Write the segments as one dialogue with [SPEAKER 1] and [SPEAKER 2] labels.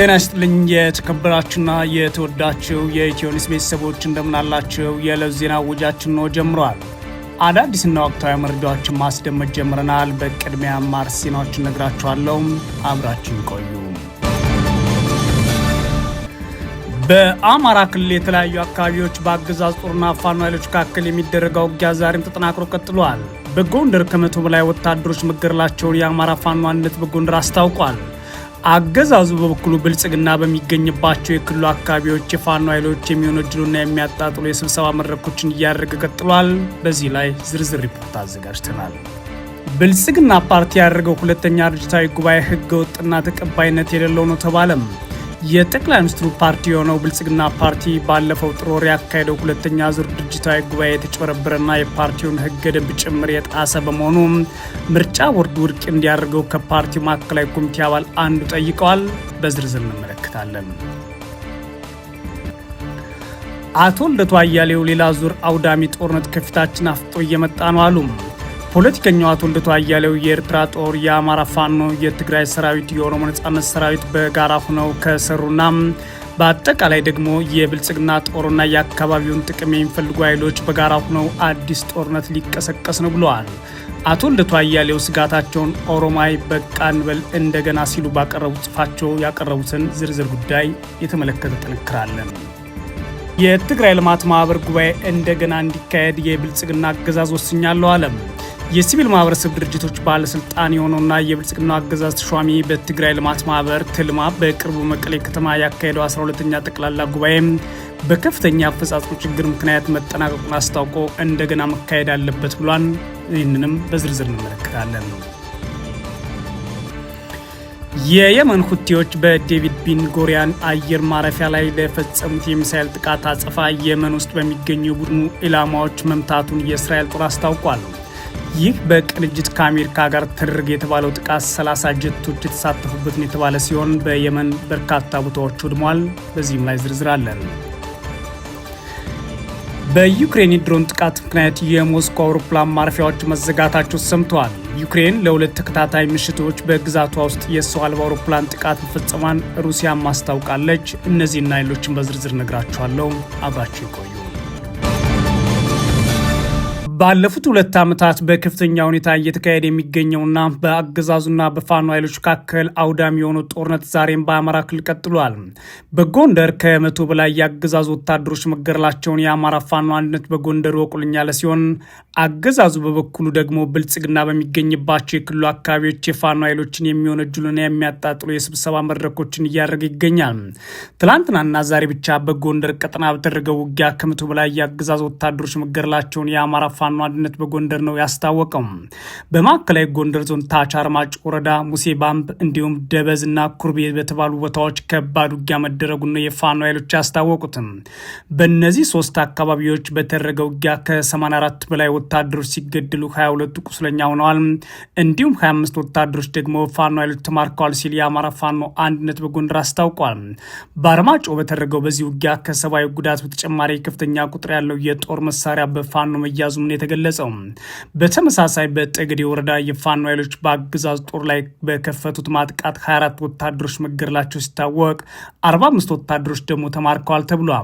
[SPEAKER 1] ጤና ይስጥልኝ የተከበራችሁና የተወዳችው የኢትዮ ቤተሰቦች እንደምናላችው የዕለቱ ዜና ውጃችን ነው ጀምረዋል። አዳዲስና ወቅታዊ መረጃዎችን ማስደመጥ ጀምረናል። በቅድሚያ አርዕስተ ዜናዎችን እነግራችኋለሁ። አብራችን ቆዩ። በአማራ ክልል የተለያዩ አካባቢዎች በአገዛዝ ጦርና ፋኖ ኃይሎች መካከል የሚደረገው ውጊያ ዛሬም ተጠናክሮ ቀጥሏል። በጎንደር ከመቶ በላይ ወታደሮች መገደላቸውን የአማራ ፋኖ አንድነት በጎንደር አስታውቋል። አገዛዙ በበኩሉ ብልጽግና በሚገኝባቸው የክልሉ አካባቢዎች የፋኖ ኃይሎች የሚወነጅሉና የሚያጣጥሉ የስብሰባ መድረኮችን እያደረገ ቀጥሏል። በዚህ ላይ ዝርዝር ሪፖርት አዘጋጅተናል። ብልጽግና ፓርቲ ያደረገው ሁለተኛ ድርጅታዊ ጉባኤ ህገ ወጥና ተቀባይነት የሌለው ነው ተባለም። የጠቅላይ ሚኒስትሩ ፓርቲ የሆነው ብልጽግና ፓርቲ ባለፈው ጥር ወር ያካሄደው ሁለተኛ ዙር ድርጅታዊ ጉባኤ የተጨበረበረና የፓርቲውን ህገ ደንብ ጭምር የጣሰ በመሆኑ ምርጫ ቦርድ ውድቅ እንዲያደርገው ከፓርቲው ማዕከላዊ ኮሚቴ አባል አንዱ ጠይቀዋል። በዝርዝር እንመለከታለን። አቶ ልደቱ አያሌው ሌላ ዙር አውዳሚ ጦርነት ከፊታችን አፍጦ እየመጣ ነው አሉ። ፖለቲከኛው አቶ ልደቱ አያሌው የኤርትራ ጦር፣ የአማራ ፋኖ፣ የትግራይ ሰራዊት፣ የኦሮሞ ነጻነት ሰራዊት በጋራ ሆነው ከሰሩና በአጠቃላይ ደግሞ የብልጽግና ጦርና የአካባቢውን ጥቅም የሚፈልጉ ኃይሎች በጋራ ሆነው አዲስ ጦርነት ሊቀሰቀስ ነው ብለዋል። አቶ ልደቱ አያሌው ስጋታቸውን ኦሮማይ በቃ እንበል እንደገና ሲሉ ባቀረቡት ጽፋቸው ያቀረቡትን ዝርዝር ጉዳይ የተመለከተ ጥንክራለን። የትግራይ ልማት ማህበር ጉባኤ እንደገና እንዲካሄድ የብልጽግና አገዛዝ ወስኛለሁ አለም የሲቪል ማህበረሰብ ድርጅቶች ባለስልጣን የሆነውና የብልጽግና አገዛዝ ተሿሚ በትግራይ ልማት ማህበር ትልማ በቅርቡ መቀሌ ከተማ ያካሄደው 12ኛ ጠቅላላ ጉባኤ በከፍተኛ አፈጻጸም ችግር ምክንያት መጠናቀቁን አስታውቆ እንደገና መካሄድ አለበት ብሏል። ይህንንም በዝርዝር እንመለከታለን። የየመን ሁቲዎች በዴቪድ ቢን ጎሪያን አየር ማረፊያ ላይ ለፈጸሙት የሚሳኤል ጥቃት አጸፋ የመን ውስጥ በሚገኙ የቡድኑ ኢላማዎች መምታቱን የእስራኤል ጦር አስታውቋል። ይህ በቅንጅት ከአሜሪካ ጋር ትርግ የተባለው ጥቃት 30 ጀቶች የተሳተፉበትን የተባለ ሲሆን በየመን በርካታ ቦታዎች ወድሟል። በዚህም ላይ ዝርዝር አለን። በዩክሬን የድሮን ጥቃት ምክንያት የሞስኮ አውሮፕላን ማረፊያዎች መዘጋታቸው ሰምተዋል። ዩክሬን ለሁለት ተከታታይ ምሽቶች በግዛቷ ውስጥ የሰው አልባ አውሮፕላን ጥቃት መፈጸሟን ሩሲያ ማስታውቃለች። እነዚህና ሌሎችን በዝርዝር ነግራችኋለሁ። አብራችሁ ይቆዩ። ባለፉት ሁለት ዓመታት በከፍተኛ ሁኔታ እየተካሄደ የሚገኘውና በአገዛዙና በፋኖ ኃይሎች መካከል አውዳሚ የሆነው ጦርነት ዛሬም በአማራ ክልል ቀጥሏል። በጎንደር ከመቶ በላይ የአገዛዙ ወታደሮች መገደላቸውን የአማራ ፋኖ አንድነት በጎንደር ወቁልኝ ያለ ሲሆን አገዛዙ በበኩሉ ደግሞ ብልጽግና በሚገኝባቸው የክልሉ አካባቢዎች የፋኖ ኃይሎችን የሚወነጅሉና የሚያጣጥሉ የስብሰባ መድረኮችን እያደረገ ይገኛል። ትላንትናና ዛሬ ብቻ በጎንደር ቀጠና በተደረገው ውጊያ ከመቶ በላይ የአገዛዙ ወታደሮች መገደላቸውን የአማራ ፋኖ አንድነት በጎንደር ነው ያስታወቀው። በማዕከላዊ ጎንደር ዞን ታች አርማጭ ወረዳ ሙሴ ባምብ እንዲሁም ደበዝ እና ኩርቤ በተባሉ ቦታዎች ከባድ ውጊያ መደረጉን ነው የፋኖ ኃይሎች ያስታወቁትም። በእነዚህ ሶስት አካባቢዎች በተደረገ ውጊያ ከ84 በላይ ወታደሮች ሲገደሉ 22 ቁስለኛ ሆነዋል። እንዲሁም 25 ወታደሮች ደግሞ ፋኖ ኃይሎች ተማርከዋል ሲል የአማራ ፋኖ አንድነት በጎንደር አስታውቋል። በአርማጮ በተደረገው በዚህ ውጊያ ከሰብአዊ ጉዳት በተጨማሪ ከፍተኛ ቁጥር ያለው የጦር መሳሪያ በፋኖ መያዙም የተገለጸው። በተመሳሳይ በጠገዴ ወረዳ የፋኖ ኃይሎች በአገዛዝ ጦር ላይ በከፈቱት ማጥቃት 24 ወታደሮች መገደላቸው ሲታወቅ 45 ወታደሮች ደግሞ ተማርከዋል ተብሏል።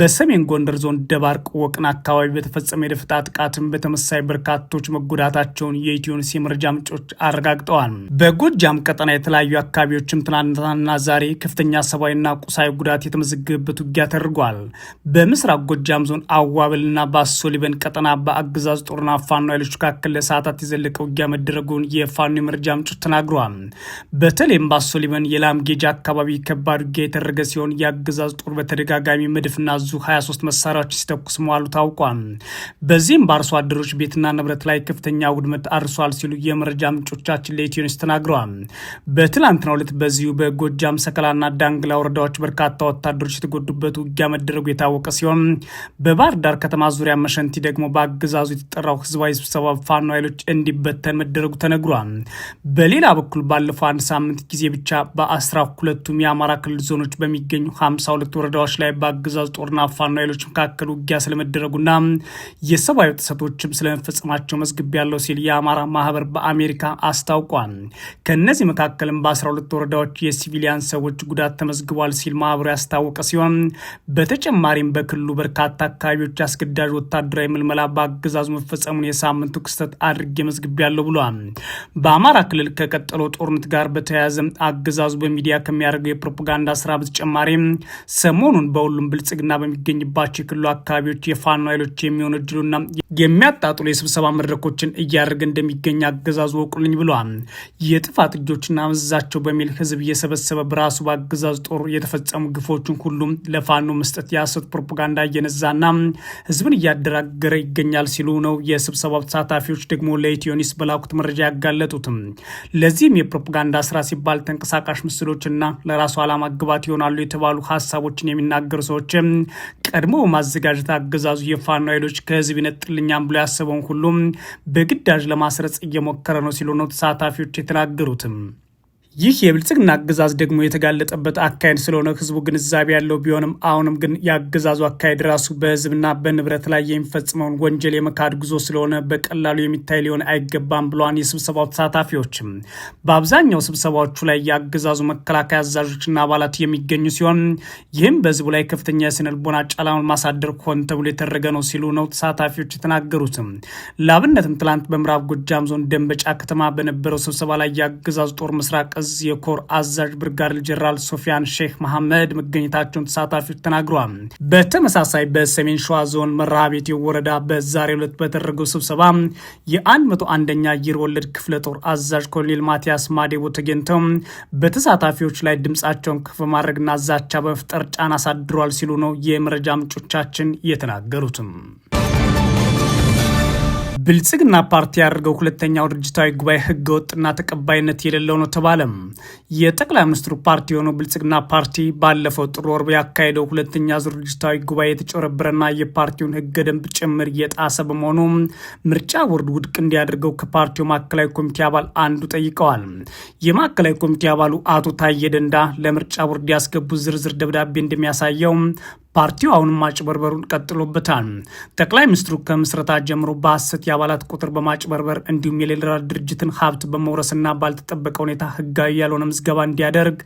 [SPEAKER 1] በሰሜን ጎንደር ዞን ደባርቅ ወቅን አካባቢ በተፈጸመ የደፈጣ ጥቃትም በተመሳሳይ በርካቶች መጎዳታቸውን የኢትዮንስ የመረጃ ምንጮች አረጋግጠዋል። በጎጃም ቀጠና የተለያዩ አካባቢዎችም ትናንትናና ዛሬ ከፍተኛ ሰብአዊና ቁሳዊ ጉዳት የተመዘገበበት ውጊያ ተደርጓል። በምስራቅ ጎጃም ዞን አዋበልና ባሶሊበን ቀጠና በ በአገዛዝ ጦርና ፋኖ ኃይሎች መካከል ለሰዓታት የዘለቀ ውጊያ መደረጉን የፋኖ የመረጃ ምንጮች ተናግረዋል። በተለይም ባሶ ሊበን የላም ጌጅ አካባቢ ከባድ ውጊያ የተደረገ ሲሆን የአገዛዝ ጦር በተደጋጋሚ መድፍና ዙ 23 መሳሪያዎች ሲተኩስ መዋሉ ታውቋል። በዚህም በአርሶ አደሮች ቤትና ንብረት ላይ ከፍተኛ ውድመት አድርሷል ሲሉ የመረጃ ምንጮቻችን ለኢትዮኒስ ተናግረዋል። በትላንትናው ዕለት በዚሁ በጎጃም ሰከላና ዳንግላ ወረዳዎች በርካታ ወታደሮች የተጎዱበት ውጊያ መደረጉ የታወቀ ሲሆን በባህር ዳር ከተማ ዙሪያ መሸንቲ ደግሞ በአገዛዝ አገዛዙ የተጠራው ህዝባዊ ስብሰባ ፋኖ ኃይሎች እንዲበተን መደረጉ ተነግሯል። በሌላ በኩል ባለፈው አንድ ሳምንት ጊዜ ብቻ በአስራ ሁለቱም የአማራ ክልል ዞኖች በሚገኙ ሀምሳ ሁለት ወረዳዎች ላይ በአገዛዙ ጦርና ፋኖ ኃይሎች መካከል ውጊያ ስለመደረጉና የሰብአዊ ጥሰቶችም ስለመፈጸማቸው መዝግብ ያለው ሲል የአማራ ማህበር በአሜሪካ አስታውቋል። ከእነዚህ መካከልም በአስራ ሁለት ወረዳዎች የሲቪሊያን ሰዎች ጉዳት ተመዝግቧል ሲል ማህበሩ ያስታወቀ ሲሆን በተጨማሪም በክልሉ በርካታ አካባቢዎች አስገዳጅ ወታደራዊ ምልመላ አገዛዙ መፈጸሙን የሳምንቱ ክስተት አድርጌ ያለው ብሏል። በአማራ ክልል ከቀጠለው ጦርነት ጋር በተያያዘ አገዛዙ በሚዲያ ከሚያደርገው የፕሮፓጋንዳ ስራ በተጨማሪ ሰሞኑን በሁሉም ብልጽግና በሚገኝባቸው የክልሉ አካባቢዎች የፋኖ ኃይሎች የሚሆኑ እድሉና የሚያጣጥሉ የስብሰባ መድረኮችን እያደረገ እንደሚገኝ አገዛዙ ወቁልኝ ብሏል። የጥፋት እጆችና መዛቸው በሚል ህዝብ እየሰበሰበ በራሱ በአገዛዙ ጦር የተፈጸሙ ግፎችን ሁሉም ለፋኖ መስጠት የሐሰት ፕሮፓጋንዳ እየነዛና ህዝብን እያደራገረ ይገኛል ሲሉ ነው የስብሰባው ተሳታፊዎች ደግሞ ለኢትዮኒስ በላኩት መረጃ ያጋለጡትም። ለዚህም የፕሮፓጋንዳ ስራ ሲባል ተንቀሳቃሽ ምስሎችና ለራሱ ዓላማ ግባት ይሆናሉ የተባሉ ሀሳቦችን የሚናገሩ ሰዎችም ቀድሞ ማዘጋጀት አገዛዙ የፋኖ ኃይሎች ከህዝብ ይነጥልኛም ብሎ ያሰበውን ሁሉም በግዳጅ ለማስረጽ እየሞከረ ነው ሲሉ ነው ተሳታፊዎች የተናገሩትም። ይህ የብልጽግና አገዛዝ ደግሞ የተጋለጠበት አካሄድ ስለሆነ ህዝቡ ግንዛቤ ያለው ቢሆንም አሁንም ግን የአገዛዙ አካሄድ ራሱ በህዝብና በንብረት ላይ የሚፈጽመውን ወንጀል የመካድ ጉዞ ስለሆነ በቀላሉ የሚታይ ሊሆን አይገባም ብሏን የስብሰባው ተሳታፊዎችም በአብዛኛው ስብሰባዎቹ ላይ የአገዛዙ መከላከያ አዛዦችና አባላት የሚገኙ ሲሆን ይህም በህዝቡ ላይ ከፍተኛ የስነልቦና ጫናውን ማሳደር ሆን ተብሎ የተደረገ ነው ሲሉ ነው ተሳታፊዎች የተናገሩትም። ለአብነትም ትላንት በምዕራብ ጎጃም ዞን ደንበጫ ከተማ በነበረው ስብሰባ ላይ የአገዛዙ ጦር ምስራቅ እዝ የኮር አዛዥ ብርጋዴር ጀራል ሶፊያን ሼክ መሐመድ መገኘታቸውን ተሳታፊዎች ተናግረዋል። በተመሳሳይ በሰሜን ሸዋ ዞን መርሃቤቴ ወረዳ በዛሬ ዕለት በተደረገው ስብሰባ የ101ኛ አየር ወለድ ክፍለ ጦር አዛዥ ኮሎኔል ማቲያስ ማዴቦ ተገኝተው በተሳታፊዎች ላይ ድምፃቸውን ከፍ በማድረግና ዛቻ በመፍጠር ጫና አሳድሯል ሲሉ ነው የመረጃ ምንጮቻችን የተናገሩትም። ብልጽግና ፓርቲ ያደርገው ሁለተኛው ድርጅታዊ ጉባኤ ህገ ወጥና ተቀባይነት የሌለው ነው ተባለም። የጠቅላይ ሚኒስትሩ ፓርቲ የሆነው ብልጽግና ፓርቲ ባለፈው ጥር ወር ያካሄደው ሁለተኛ ዙር ድርጅታዊ ጉባኤ የተጨረበረና የፓርቲውን ህገ ደንብ ጭምር የጣሰ በመሆኑ ምርጫ ቦርድ ውድቅ እንዲያደርገው ከፓርቲው ማዕከላዊ ኮሚቴ አባል አንዱ ጠይቀዋል። የማዕከላዊ ኮሚቴ አባሉ አቶ ታዬ ደንዳ ለምርጫ ቦርድ ያስገቡት ዝርዝር ደብዳቤ እንደሚያሳየው ፓርቲው አሁንም ማጭበርበሩን ቀጥሎበታል። ጠቅላይ ሚኒስትሩ ከምስረታ ጀምሮ በሐሰት የአባላት ቁጥር በማጭበርበር እንዲሁም የሌላ ድርጅትን ሀብት በመውረስና ባልተጠበቀ ሁኔታ ህጋዊ ያልሆነ ምዝገባ እንዲያደርግ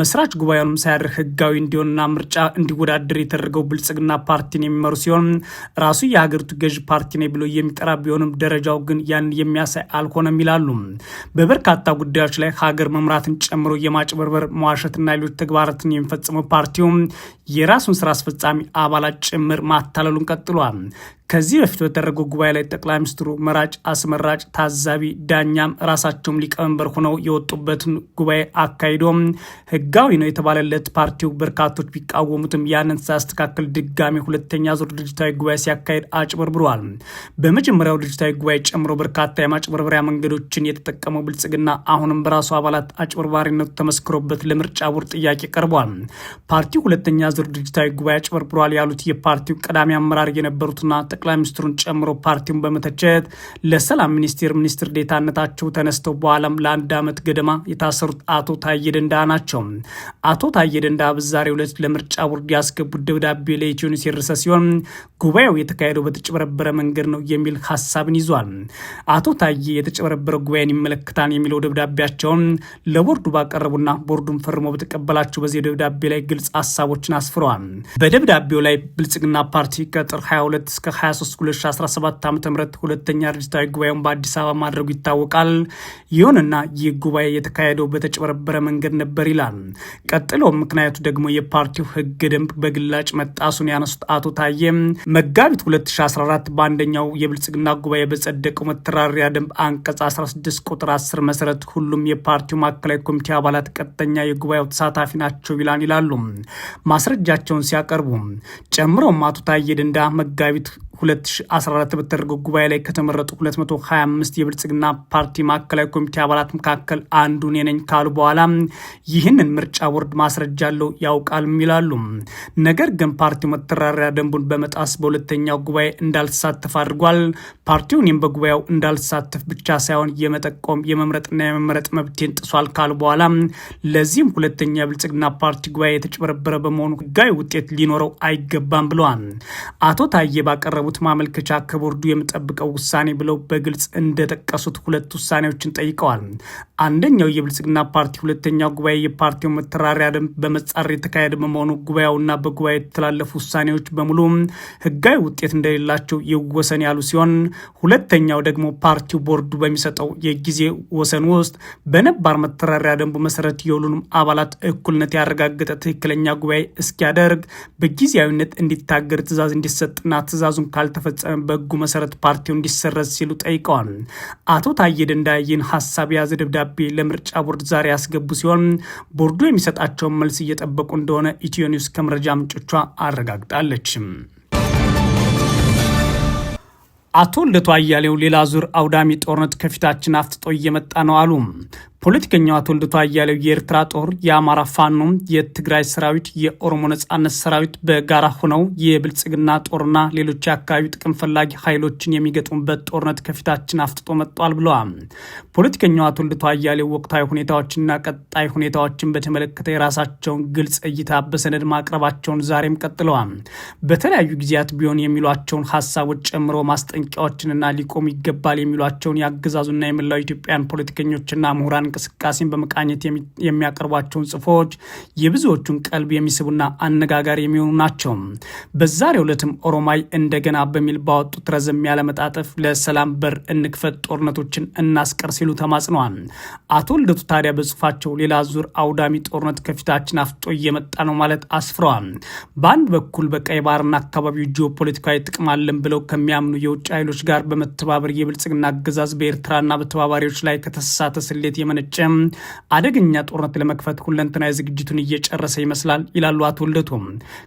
[SPEAKER 1] መስራች ጉባኤውንም ሳያደርግ ህጋዊ እንዲሆንና ምርጫ እንዲወዳደር የተደረገው ብልጽግና ፓርቲን የሚመሩ ሲሆን ራሱ የሀገሪቱ ገዥ ፓርቲ ነ ብሎ የሚጠራ ቢሆንም ደረጃው ግን ያን የሚያሳይ አልሆነም ይላሉ። በበርካታ ጉዳዮች ላይ ሀገር መምራትን ጨምሮ የማጭበርበር መዋሸትና ሌሎች ተግባራትን የሚፈጽመው ፓርቲው የራሱን ስራ አስፈጻሚ አባላት ጭምር ማታለሉን ቀጥሏል። ከዚህ በፊት በተደረገው ጉባኤ ላይ ጠቅላይ ሚኒስትሩ መራጭ፣ አስመራጭ፣ ታዛቢ፣ ዳኛም ራሳቸውም ሊቀመንበር ሆነው የወጡበትን ጉባኤ አካሂዶም ህጋዊ ነው የተባለለት ፓርቲው በርካቶች ቢቃወሙትም ያንን ሳያስተካክል ድጋሚ ሁለተኛ ዙር ድርጅታዊ ጉባኤ ሲያካሄድ አጭበርብሯል። በመጀመሪያው ድርጅታዊ ጉባኤ ጨምሮ በርካታ የማጭበርበሪያ መንገዶችን የተጠቀመው ብልጽግና አሁንም በራሱ አባላት አጭበርባሪነቱ ተመስክሮበት ለምርጫ ቦርድ ጥያቄ ቀርቧል። ፓርቲው ሁለተኛ ዙር ድርጅታዊ ጉባኤ አጭበርብሯል ያሉት የፓርቲው ቀዳሚ አመራር የነበሩትና ጠቅላይ ሚኒስትሩን ጨምሮ ፓርቲውን በመተቸት ለሰላም ሚኒስቴር ሚኒስትር ዴታነታቸው ተነስተው በኋላም ለአንድ ዓመት ገደማ የታሰሩት አቶ ታዬ ደንዳ ናቸው። አቶ ታዬ ደንደዓ በዛሬው ዕለት ለምርጫ ቦርድ ያስገቡት ደብዳቤ ለኢትዮኒውስ የደረሰ ሲሆን ጉባኤው የተካሄደው በተጨበረበረ መንገድ ነው የሚል ሀሳብን ይዟል። አቶ ታዬ የተጨበረበረ ጉባኤን ይመለከታል የሚለው ደብዳቤያቸውን ለቦርዱ ባቀረቡና ቦርዱን ፈርሞ በተቀበላቸው በዚህ ደብዳቤ ላይ ግልጽ ሀሳቦችን አስፍረዋል። በደብዳቤው ላይ ብልጽግና ፓርቲ ከጥር 22 እስከ 23 2017 ዓ ም ሁለተኛ ድርጅታዊ ጉባኤውን በአዲስ አበባ ማድረጉ ይታወቃል። ይሁንና ይህ ጉባኤ የተካሄደው በተጨበረበረ መንገድ ነበር ይላል። ቀጥሎ ምክንያቱ ደግሞ የፓርቲው ህግ ደንብ በግላጭ መጣሱን ያነሱት አቶ ታዬ መጋቢት 2014 በአንደኛው የብልጽግና ጉባኤ በጸደቀው መተራሪያ ደንብ አንቀጽ 16 ቁጥር 10 መሰረት ሁሉም የፓርቲው ማዕከላዊ ኮሚቴ አባላት ቀጥተኛ የጉባኤው ተሳታፊ ናቸው ይላል ይላሉ ማስረጃቸውን ሲያቀርቡ ጨምረውም አቶ ታዬ ደንዳ መጋቢት 2014 በተደረገው ጉባኤ ላይ ከተመረጡ 225 የብልጽግና ፓርቲ ማዕከላዊ ኮሚቴ አባላት መካከል አንዱን የነኝ ካሉ በኋላ ይህንን ምርጫ ቦርድ ማስረጃ አለው ያውቃልም ይላሉ። ነገር ግን ፓርቲው መተራሪያ ደንቡን በመጣስ በሁለተኛው ጉባኤ እንዳልተሳተፍ አድርጓል። ፓርቲው እኔም በጉባኤው እንዳልተሳተፍ ብቻ ሳይሆን የመጠቆም የመምረጥና የመመረጥ መብቴን ጥሷል ካሉ በኋላ ለዚህም ሁለተኛ የብልጽግና ፓርቲ ጉባኤ የተጭበረበረ በመሆኑ ህጋዊ ውጤት ሊኖረው አይገባም ብለዋል። አቶ ታዬ ባቀረቡ ባቀረቡት ማመልከቻ ከቦርዱ የምጠብቀው ውሳኔ ብለው በግልጽ እንደጠቀሱት ሁለት ውሳኔዎችን ጠይቀዋል። አንደኛው የብልጽግና ፓርቲ ሁለተኛው ጉባኤ የፓርቲው መተራሪያ ደንብ በመጻር የተካሄደ በመሆኑ ጉባኤውና በጉባኤ የተላለፉ ውሳኔዎች በሙሉ ህጋዊ ውጤት እንደሌላቸው ይወሰን ያሉ ሲሆን፣ ሁለተኛው ደግሞ ፓርቲው ቦርዱ በሚሰጠው የጊዜ ወሰን ውስጥ በነባር መተራሪያ ደንቡ መሰረት የሁሉንም አባላት እኩልነት ያረጋገጠ ትክክለኛ ጉባኤ እስኪያደርግ በጊዜያዊነት እንዲታገድ ትዛዝ እንዲሰጥና ትዕዛዙን ካልተፈጸመ በህጉ መሰረት ፓርቲው እንዲሰረዝ ሲሉ ጠይቀዋል። አቶ ታዬ ደንዳ ይህን ሀሳብ የያዘ ደብዳቤ ለምርጫ ቦርድ ዛሬ ያስገቡ ሲሆን ቦርዱ የሚሰጣቸውን መልስ እየጠበቁ እንደሆነ ኢትዮ ኒውስ ከመረጃ ምንጮቿ አረጋግጣለች። አቶ ልደቱ አያሌው ሌላ ዙር አውዳሚ ጦርነት ከፊታችን አፍጥጦ እየመጣ ነው አሉ። ፖለቲከኛው አቶ ልደቱ አያሌው የኤርትራ ጦር፣ የአማራ ፋኖ፣ የትግራይ ሰራዊት፣ የኦሮሞ ነጻነት ሰራዊት በጋራ ሆነው የብልጽግና ጦርና ሌሎች የአካባቢ ጥቅም ፈላጊ ኃይሎችን የሚገጥሙበት ጦርነት ከፊታችን አፍጥጦ መጥቷል ብለዋል። ፖለቲከኛው አቶ ልደቱ አያሌው ወቅታዊ ሁኔታዎችና ቀጣይ ሁኔታዎችን በተመለከተ የራሳቸውን ግልጽ እይታ በሰነድ ማቅረባቸውን ዛሬም ቀጥለዋል። በተለያዩ ጊዜያት ቢሆን የሚሏቸውን ሀሳቦች ጨምሮ ማስጠንቂያዎችንና ሊቆም ይገባል የሚሏቸውን የአገዛዙና የመላው ኢትዮጵያን ፖለቲከኞችና ምሁራን እንቅስቃሴን በመቃኘት የሚያቀርቧቸውን ጽሁፎች የብዙዎቹን ቀልብ የሚስቡና አነጋጋሪ የሚሆኑ ናቸው። በዛሬው ዕለትም ኦሮማይ እንደገና በሚል ባወጡት ረዘም ያለ መጣጥፍ ለሰላም በር እንክፈት፣ ጦርነቶችን እናስቀር ሲሉ ተማጽነዋል። አቶ ልደቱ ታዲያ በጽሁፋቸው ሌላ ዙር አውዳሚ ጦርነት ከፊታችን አፍጦ እየመጣ ነው ማለት አስፍረዋል። በአንድ በኩል በቀይ ባህርና አካባቢው ጂኦፖለቲካዊ ጥቅም አለን ብለው ከሚያምኑ የውጭ ኃይሎች ጋር በመተባበር የብልጽግና አገዛዝ በኤርትራና በተባባሪዎች ላይ ከተሳተ ስሌት የመነ ያመነጨ አደገኛ ጦርነት ለመክፈት ሁለንተናዊ ዝግጅቱን እየጨረሰ ይመስላል ይላሉ አቶ ልደቱ።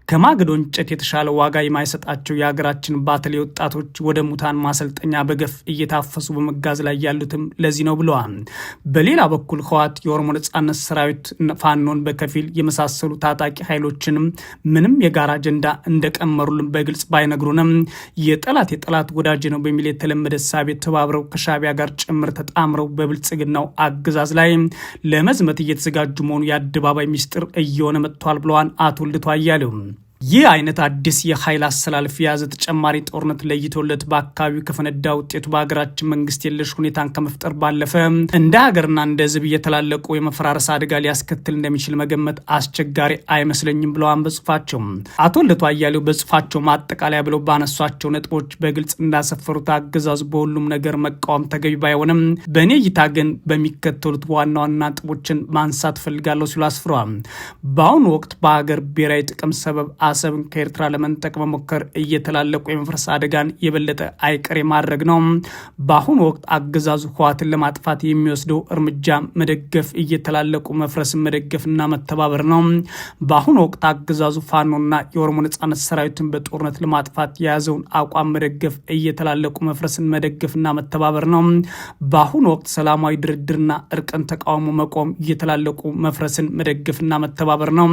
[SPEAKER 1] ከማገዶ እንጨት የተሻለ ዋጋ የማይሰጣቸው የሀገራችን ባተሌ ወጣቶች ወደ ሙታን ማሰልጠኛ በገፍ እየታፈሱ በመጋዝ ላይ ያሉትም ለዚህ ነው ብለዋል። በሌላ በኩል ህወሓት የኦሮሞ ነጻነት ሰራዊት ፋኖን በከፊል የመሳሰሉ ታጣቂ ኃይሎችንም ምንም የጋራ አጀንዳ እንደቀመሩልን በግልጽ ባይነግሩንም የጠላት የጠላት ወዳጅ ነው በሚል የተለመደ ሳቤ ተባብረው ከሻቢያ ጋር ጭምር ተጣምረው በብልጽግናው አግዛ ትዕዛዝ ላይ ለመዝመት እየተዘጋጁ መሆኑ የአደባባይ ሚስጥር እየሆነ መጥቷል ብለዋል አቶ ልደቱ አያሌው። ይህ አይነት አዲስ የኃይል አሰላለፍ የያዘ ተጨማሪ ጦርነት ለይቶለት በአካባቢው ከፈነዳ ውጤቱ በሀገራችን መንግስት የለሽ ሁኔታን ከመፍጠር ባለፈ እንደ ሀገርና እንደ ህዝብ እየተላለቁ የመፈራረስ አደጋ ሊያስከትል እንደሚችል መገመት አስቸጋሪ አይመስለኝም ብለዋን በጽሁፋቸው አቶ ልደቱ አያሌው በጽሁፋቸው ማጠቃለያ ብለው ባነሷቸው ነጥቦች በግልጽ እንዳሰፈሩት አገዛዙ በሁሉም ነገር መቃወም ተገቢ ባይሆንም በእኔ እይታ ግን በሚከተሉት ዋና ዋና ነጥቦችን ማንሳት ፈልጋለሁ ሲሉ አስፍረዋል። በአሁኑ ወቅት በሀገር ብሔራዊ ጥቅም ሰበብ አሰብን ከኤርትራ ለመንጠቅ መሞከር እየተላለቁ የመፍረስ አደጋን የበለጠ አይቀሬ ማድረግ ነው። በአሁኑ ወቅት አገዛዙ ህወሓትን ለማጥፋት የሚወስደው እርምጃ መደገፍ፣ እየተላለቁ መፍረስን መደገፍና መተባበር ነው። በአሁኑ ወቅት አገዛዙ ፋኖና የኦሮሞ ነጻነት ሰራዊትን በጦርነት ለማጥፋት የያዘውን አቋም መደገፍ፣ እየተላለቁ መፍረስን መደገፍና መተባበር ነው። በአሁኑ ወቅት ሰላማዊ ድርድርና እርቅን ተቃውሞ መቆም፣ እየተላለቁ መፍረስን መደገፍና መተባበር ነው።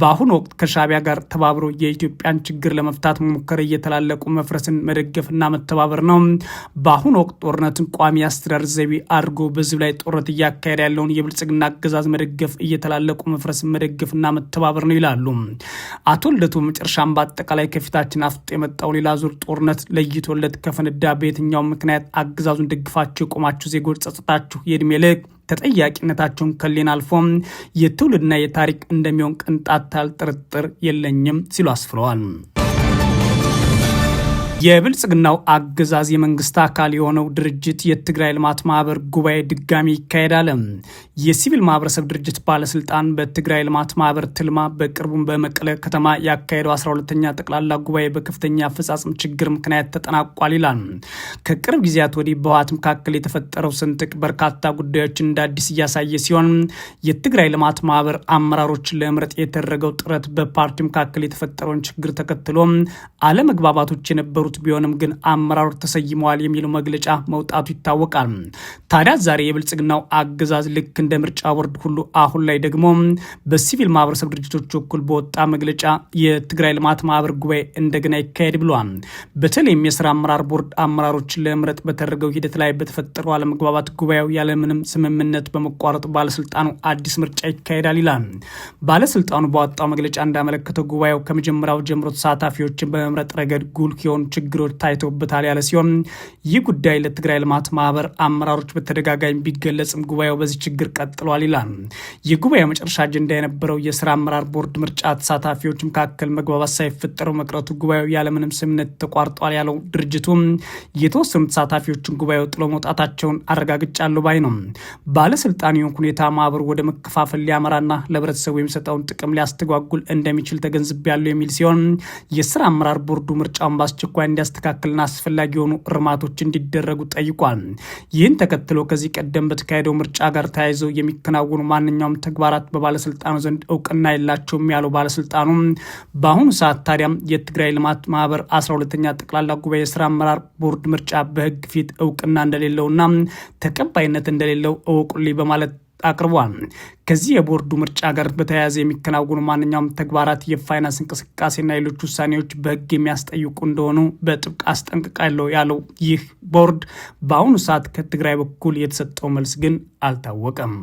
[SPEAKER 1] በአሁኑ ወቅት ከሻቢያ ጋር ተባ ተባብሮ የኢትዮጵያን ችግር ለመፍታት መሞከር እየተላለቁ መፍረስን መደገፍና መተባበር ነው። በአሁኑ ወቅት ጦርነትን ቋሚ አስተዳደር ዘይቤ አድርጎ በህዝብ ላይ ጦርነት እያካሄደ ያለውን የብልጽግና አገዛዝ መደገፍ እየተላለቁ መፍረስን መደገፍና መተባበር ነው ይላሉ አቶ ልደቱ። መጨረሻም በአጠቃላይ ከፊታችን አፍጦ የመጣው ሌላ ዙር ጦርነት ለይቶለት ከፈነዳ በየትኛው ምክንያት አገዛዙን ደግፋችሁ የቆማችሁ ዜጎች ጸጥታችሁ የእድሜ ልክ ተጠያቂነታቸውን ከሌን አልፎም የትውልድና የታሪክ እንደሚሆን ቅንጣታል ጥርጥር የለኝም። ሲሉ አስፍረዋል። የብልጽግናው አገዛዝ የመንግስት አካል የሆነው ድርጅት የትግራይ ልማት ማህበር ጉባኤ ድጋሚ ይካሄዳል። የሲቪል ማህበረሰብ ድርጅት ባለስልጣን በትግራይ ልማት ማህበር ትልማ በቅርቡም በመቀለ ከተማ ያካሄደው 12ኛ ጠቅላላ ጉባኤ በከፍተኛ አፈጻጸም ችግር ምክንያት ተጠናቋል ይላል። ከቅርብ ጊዜያት ወዲህ በህወሓት መካከል የተፈጠረው ስንጥቅ በርካታ ጉዳዮችን እንደ አዲስ እያሳየ ሲሆን የትግራይ ልማት ማህበር አመራሮች ለምረጥ የተደረገው ጥረት በፓርቲ መካከል የተፈጠረውን ችግር ተከትሎ አለመግባባቶች የነበሩ ያደረጉት ቢሆንም ግን አመራሮች ተሰይመዋል የሚለው መግለጫ መውጣቱ ይታወቃል። ታዲያ ዛሬ የብልጽግናው አገዛዝ ልክ እንደ ምርጫ ቦርድ ሁሉ አሁን ላይ ደግሞ በሲቪል ማህበረሰብ ድርጅቶች በኩል በወጣ መግለጫ የትግራይ ልማት ማህበር ጉባኤ እንደገና ይካሄድ ብሏል። በተለይም የስራ አመራር ቦርድ አመራሮች ለምረጥ በተደረገው ሂደት ላይ በተፈጠረው አለመግባባት ጉባኤው ያለምንም ስምምነት በመቋረጡ ባለስልጣኑ አዲስ ምርጫ ይካሄዳል ይላል። ባለስልጣኑ በወጣው መግለጫ እንዳመለከተው ጉባኤው ከመጀመሪያው ጀምሮ ተሳታፊዎችን በመምረጥ ረገድ ጉልህ የሆኑ ችግሮች ታይተውበታል ያለ ሲሆን ይህ ጉዳይ ለትግራይ ልማት ማህበር አመራሮች በተደጋጋሚ ቢገለጽም ጉባኤው በዚህ ችግር ቀጥሏል ይላል። የጉባኤው መጨረሻ አጀንዳ የነበረው የስራ አመራር ቦርድ ምርጫ ተሳታፊዎች መካከል መግባባት ሳይፈጠረው መቅረቱ ጉባኤው ያለምንም ስምምነት ተቋርጧል ያለው ድርጅቱ የተወሰኑ ተሳታፊዎችን ጉባኤው ጥሎ መውጣታቸውን አረጋግጫለሁ ባይ ነው። ባለስልጣን የሆን ሁኔታ ማህበሩ ወደ መከፋፈል ሊያመራና ለህብረተሰቡ የሚሰጠውን ጥቅም ሊያስተጓጉል እንደሚችል ተገንዝቤያለሁ የሚል ሲሆን የስራ አመራር ቦርዱ ምርጫውን በአስቸኳይ በአስቸኳይ እንዲያስተካክልና አስፈላጊ የሆኑ እርማቶች እንዲደረጉ ጠይቋል። ይህን ተከትሎ ከዚህ ቀደም በተካሄደው ምርጫ ጋር ተያይዘው የሚከናወኑ ማንኛውም ተግባራት በባለስልጣኑ ዘንድ እውቅና የላቸውም ያለው ባለስልጣኑ በአሁኑ ሰዓት ታዲያም የትግራይ ልማት ማህበር 12ኛ ጠቅላላ ጉባኤ የስራ አመራር ቦርድ ምርጫ በህግ ፊት እውቅና እንደሌለውና ተቀባይነት እንደሌለው እወቁልኝ በማለት አቅርቧል። ከዚህ የቦርዱ ምርጫ ጋር በተያያዘ የሚከናወኑ ማንኛውም ተግባራት የፋይናንስ እንቅስቃሴና ሌሎች ውሳኔዎች በሕግ የሚያስጠይቁ እንደሆኑ በጥብቅ አስጠንቅቃለሁ ያለው ይህ ቦርድ በአሁኑ ሰዓት ከትግራይ በኩል የተሰጠው መልስ ግን አልታወቀም።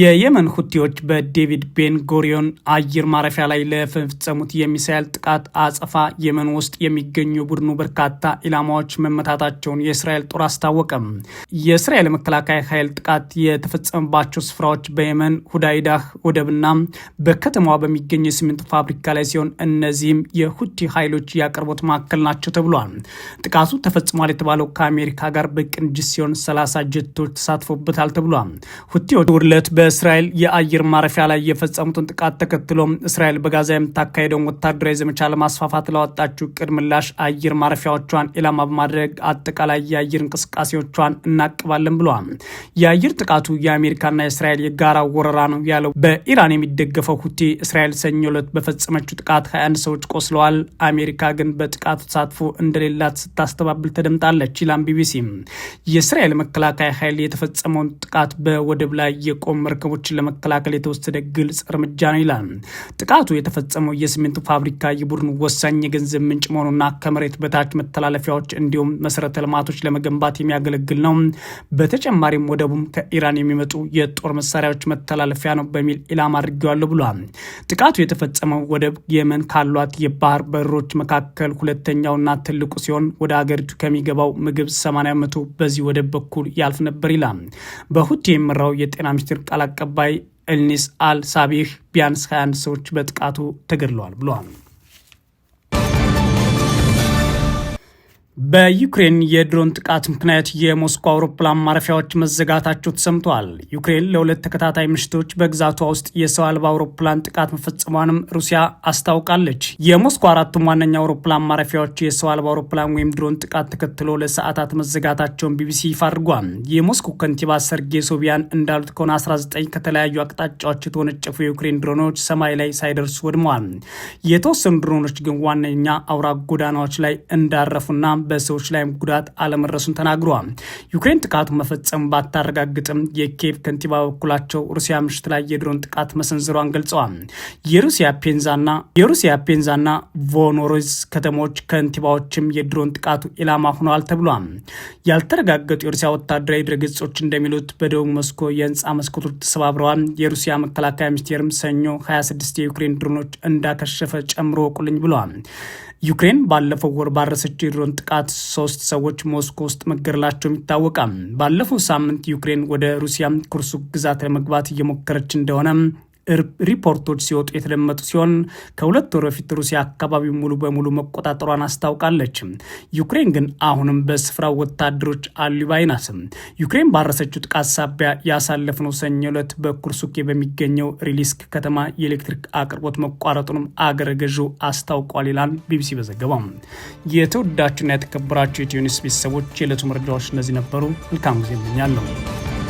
[SPEAKER 1] የየመን ሁቲዎች በዴቪድ ቤን ጎሪዮን አየር ማረፊያ ላይ ለፈጸሙት የሚሳኤል ጥቃት አጸፋ የመን ውስጥ የሚገኙ ቡድኑ በርካታ ኢላማዎች መመታታቸውን የእስራኤል ጦር አስታወቀም። የእስራኤል መከላከያ ኃይል ጥቃት የተፈጸመባቸው ስፍራዎች በየመን ሁዳይዳህ ወደብና በከተማዋ በሚገኙ የሲሚንቶ ፋብሪካ ላይ ሲሆን እነዚህም የሁቲ ኃይሎች የአቅርቦት ማዕከል ናቸው ተብሏል። ጥቃቱ ተፈጽሟል የተባለው ከአሜሪካ ጋር በቅንጅት ሲሆን ሰላሳ ጀቶች ተሳትፎበታል ተብሏል። ሁቲዎች ውድለት በእስራኤል የአየር ማረፊያ ላይ የፈጸሙትን ጥቃት ተከትሎ እስራኤል በጋዛ የምታካሄደውን ወታደራዊ ዘመቻ ለማስፋፋት ላወጣችው ቅድ ምላሽ አየር ማረፊያዎቿን ኢላማ በማድረግ አጠቃላይ የአየር እንቅስቃሴዎቿን እናቅባለን ብለዋል። የአየር ጥቃቱ የአሜሪካና የእስራኤል የጋራ ወረራ ነው ያለው በኢራን የሚደገፈው ሁቲ እስራኤል ሰኞ ዕለት በፈጸመችው ጥቃት 21 ሰዎች ቆስለዋል። አሜሪካ ግን በጥቃቱ ተሳትፎ እንደሌላት ስታስተባብል ተደምጣለች ይላም ቢቢሲ። የእስራኤል መከላከያ ኃይል የተፈጸመውን ጥቃት በወደብ ላይ የቆሙ መርከቦችን ለመከላከል የተወሰደ ግልጽ እርምጃ ነው ይላል። ጥቃቱ የተፈጸመው የሲሚንቶ ፋብሪካ የቡድኑ ወሳኝ የገንዘብ ምንጭ መሆኑና ከመሬት በታች መተላለፊያዎች እንዲሁም መሰረተ ልማቶች ለመገንባት የሚያገለግል ነው። በተጨማሪም ወደቡም ከኢራን የሚመጡ የጦር መሳሪያዎች መተላለፊያ ነው በሚል ኢላማ አድርጌዋለሁ ብሏል። ጥቃቱ የተፈጸመው ወደብ የመን ካሏት የባህር በሮች መካከል ሁለተኛውና ትልቁ ሲሆን ወደ አገሪቱ ከሚገባው ምግብ 80 በመቶ በዚህ ወደብ በኩል ያልፍ ነበር ይላል። በሁቲ የሚመራው የጤና ሚኒስቴር ቃል አቀባይ ኤልኒስ አል ሳቢህ ቢያንስ 21 ሰዎች በጥቃቱ ተገድለዋል ብለዋል። በዩክሬን የድሮን ጥቃት ምክንያት የሞስኮ አውሮፕላን ማረፊያዎች መዘጋታቸው ተሰምተዋል። ዩክሬን ለሁለት ተከታታይ ምሽቶች በግዛቷ ውስጥ የሰው አልባ አውሮፕላን ጥቃት መፈጸሟንም ሩሲያ አስታውቃለች። የሞስኮ አራቱም ዋነኛ አውሮፕላን ማረፊያዎች የሰው አልባ አውሮፕላን ወይም ድሮን ጥቃት ተከትሎ ለሰዓታት መዘጋታቸውን ቢቢሲ ይፋ አድርጓል። የሞስኮ ከንቲባ ሰርጌ ሶቢያን እንዳሉት ከሆነ 19 ከተለያዩ አቅጣጫዎች የተወነጨፉ የዩክሬን ድሮኖች ሰማይ ላይ ሳይደርሱ ወድመዋል። የተወሰኑ ድሮኖች ግን ዋነኛ አውራ ጎዳናዎች ላይ እንዳረፉና በሰዎች ላይ ጉዳት አለመድረሱን ተናግረዋል። ዩክሬን ጥቃቱ መፈጸሙ ባታረጋግጥም የኬቭ ከንቲባ በበኩላቸው ሩሲያ ምሽት ላይ የድሮን ጥቃት መሰንዘሯን ገልጸዋል። የሩሲያ ፔንዛና ቮኖሮዝ ከተሞች ከንቲባዎችም የድሮን ጥቃቱ ኢላማ ሆነዋል ተብሏል። ያልተረጋገጡ የሩሲያ ወታደራዊ ድረገጾች እንደሚሉት በደቡብ ሞስኮ የህንፃ መስኮቶች ተሰባብረዋል። የሩሲያ መከላከያ ሚኒስቴርም ሰኞ 26 የዩክሬን ድሮኖች እንዳከሸፈ ጨምሮ ወቁልኝ ብለዋል። ዩክሬን ባለፈው ወር ባረሰችው የድሮን ጥቃት ሶስት ሰዎች ሞስኮ ውስጥ መገደላቸውም ይታወቃል። ባለፈው ሳምንት ዩክሬን ወደ ሩሲያ ኩርሱ ግዛት ለመግባት እየሞከረች እንደሆነ ሪፖርቶች ሲወጡ የተደመጡ ሲሆን ከሁለት ወር በፊት ሩሲያ አካባቢ ሙሉ በሙሉ መቆጣጠሯን አስታውቃለች። ዩክሬን ግን አሁንም በስፍራው ወታደሮች አሉ ባይ ናት። ዩክሬን ባረሰችው ጥቃት ሳቢያ ያሳለፍነው ሰኞ ዕለት በኩርሱኬ በሚገኘው ሪሊስክ ከተማ የኤሌክትሪክ አቅርቦት መቋረጡንም አገረ ገዢው አስታውቋል ይላል ቢቢሲ በዘገባው። የተወዳችሁና የተከበራችሁ የኢትዮ ኒውስ ቤተሰቦች የዕለቱ መረጃዎች እነዚህ ነበሩ። መልካም ጊዜ እመኛለሁ።